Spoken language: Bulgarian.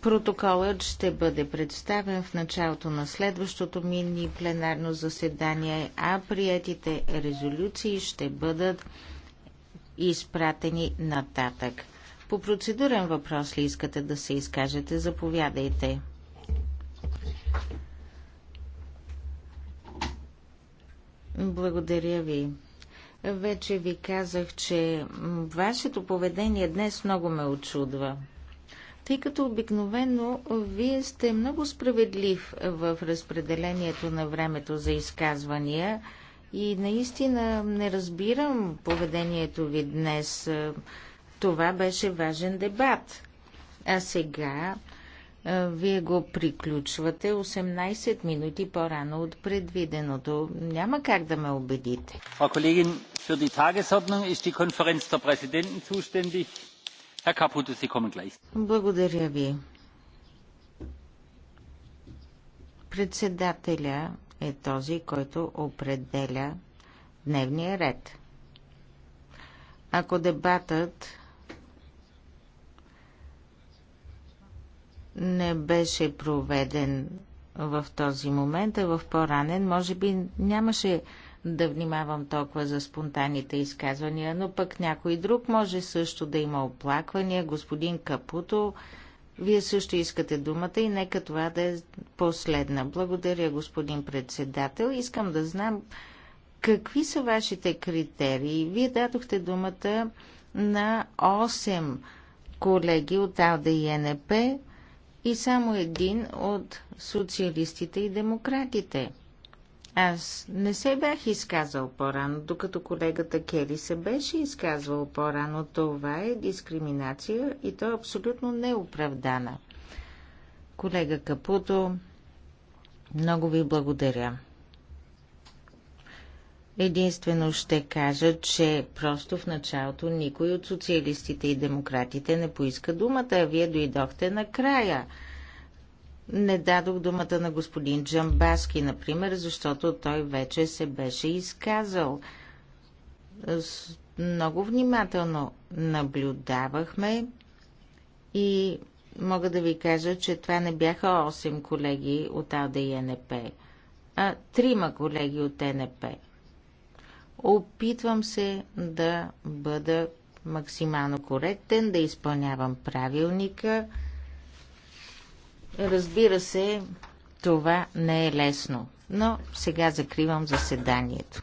Протоколът ще бъде представен в началото на следващото мини пленарно заседание, а приятите резолюции ще бъдат изпратени нататък. По процедурен въпрос ли искате да се изкажете? Заповядайте. Благодаря ви. Вече ви казах, че вашето поведение днес много ме очудва тъй като обикновено вие сте много справедлив в разпределението на времето за изказвания и наистина не разбирам поведението ви днес. Това беше важен дебат. А сега вие го приключвате 18 минути по-рано от предвиденото. Няма как да ме убедите. Frau Kollegin, für die Tagesordnung ist die Konferenz der Präsidenten zuständig. Благодаря ви. Председателя е този, който определя дневния ред. Ако дебатът не беше проведен в този момент, а в по-ранен, може би нямаше да внимавам толкова за спонтанните изказвания, но пък някой друг може също да има оплаквания. Господин Капуто, вие също искате думата и нека това да е последна. Благодаря, господин председател. Искам да знам какви са вашите критерии. Вие дадохте думата на 8 колеги от АЛДА и НП и само един от социалистите и демократите. Аз не се бях изказал по-рано, докато колегата Кели се беше изказвал по-рано. Това е дискриминация и то е абсолютно неоправдана. Колега Капуто, много ви благодаря. Единствено ще кажа, че просто в началото никой от социалистите и демократите не поиска думата, а вие дойдохте накрая. края. Не дадох думата на господин Джамбаски, например, защото той вече се беше изказал. Много внимателно наблюдавахме и мога да ви кажа, че това не бяха 8 колеги от АД и НП, а трима колеги от НП. Опитвам се да бъда максимално коректен, да изпълнявам правилника – Разбира се, това не е лесно, но сега закривам заседанието.